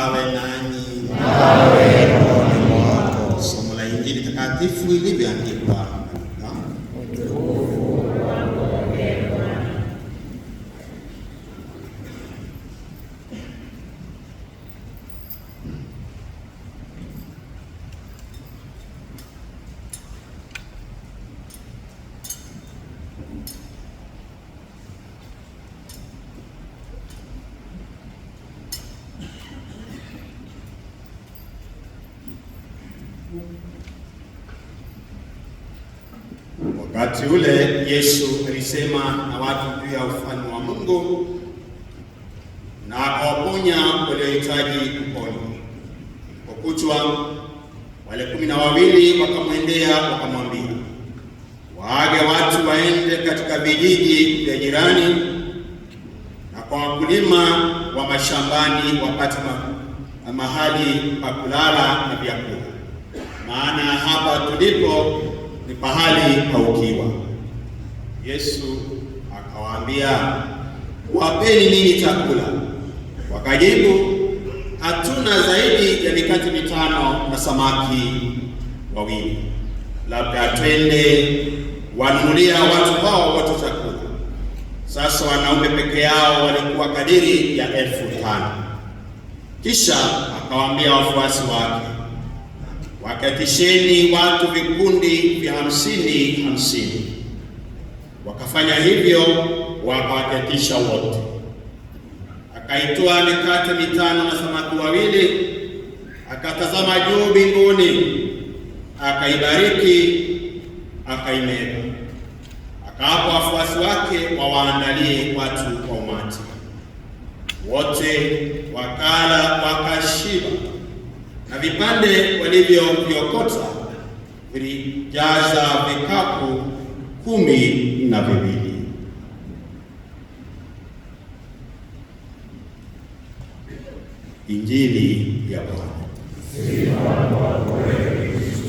awe nanyi. Nawe moyoni mwako. Somo la Injili takatifu ilivyoandikwa Wakati ule Yesu alisema na watu juu ya ufalme wa Mungu na akawaponya waliohitaji kuponywa. Ilipokuchwa, wale kumi na wawili wakamwendea wakamwambia, waage watu waende katika vijiji vya jirani na kwa wakulima wa mashambani wapate mahali pa kulala na vyakula maana hapa tulipo ni pahali pa ukiwa. Yesu akawaambia, wapeni nini chakula. Wakajibu, hatuna zaidi ya mikate mitano na samaki wawili, labda twende wanunulia watu hao watu chakula. Sasa wanaume peke yao walikuwa kadiri ya elfu tano. Kisha akawaambia wafuasi wake wakatisheni watu vikundi vya hamsini hamsini. Wakafanya hivyo wakawaketisha wote. akaitoa mikate mitano na samaki wawili, akatazama juu mbinguni, akaibariki, akaimega, akawapa wafuasi wake wawaandalie watu kwa umati wote, wakala wakashiba na vipande walivyoviokota vilijaza vikapu kumi na viwili. Injili ya Bwana. Sifa kwako Kristo.